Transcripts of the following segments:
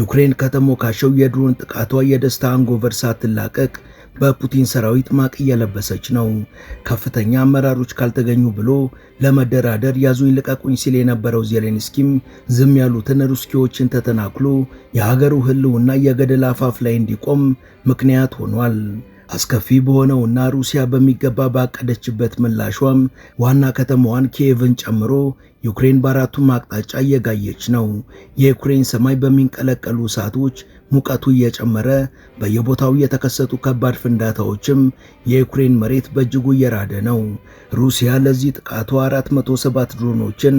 ዩክሬን ከተሞካሸው የድሮን ጥቃቷ የደስታ አንጎቨር ሳትላቀቅ በፑቲን ሰራዊት ማቅ እየለበሰች ነው። ከፍተኛ አመራሮች ካልተገኙ ብሎ ለመደራደር ያዙኝ ልቀቁኝ ሲል የነበረው ዜሌንስኪም ዝም ያሉትን ሩስኪዎችን ተተናክሎ የሀገሩ ሕልውና የገደል አፋፍ ላይ እንዲቆም ምክንያት ሆኗል። አስከፊ በሆነውና ሩሲያ በሚገባ ባቀደችበት ምላሿም ዋና ከተማዋን ኪየቭን ጨምሮ ዩክሬን በአራቱም አቅጣጫ እየጋየች ነው። የዩክሬን ሰማይ በሚንቀለቀሉ እሳቶች ሙቀቱ እየጨመረ በየቦታው የተከሰቱ ከባድ ፍንዳታዎችም የዩክሬን መሬት በእጅጉ እየራደ ነው። ሩሲያ ለዚህ ጥቃቱ 407 ድሮኖችን፣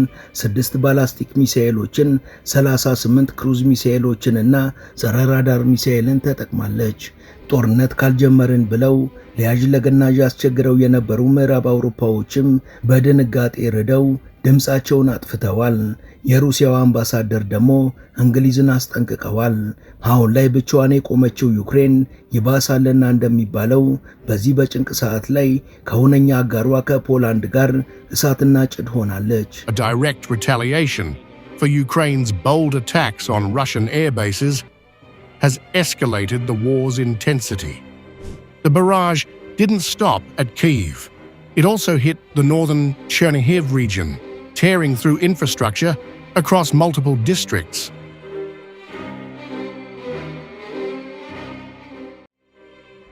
6 ባላስቲክ ሚሳኤሎችን፣ 38 ክሩዝ ሚሳኤሎችንና እና ራዳር ሚሳኤልን ተጠቅማለች። ጦርነት ካልጀመርን ብለው ለያዥ ለገናዥ አስቸግረው የነበሩ ምዕራብ አውሮፓዎችም በድንጋጤ ርደው ድምፃቸውን አጥፍተዋል። የሩሲያው አምባሳደር ደግሞ እንግሊዝን አስጠንቅቀዋል። አሁን ላይ ብቻዋን የቆመችው ዩክሬን ይባሳልና እንደሚባለው በዚህ በጭንቅ ሰዓት ላይ ከሁነኛ አጋሯ ከፖላንድ ጋር እሳትና ጭድ ሆናለች። ዳይሬክት ሪታሊዬሽን ፎር ዩክሬንስ ቦልድ አታክስ ኦን ራሽን ኤር ቤዝስ ሃዝ ኤስካሌትድ ዘ The barrage didn't stop at Kiev. It also hit the northern Chernihiv region, tearing through infrastructure across multiple districts.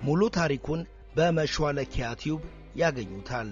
ሙሉ ታሪኩን በመሿለኪያ ቲዩብ ያገኙታል።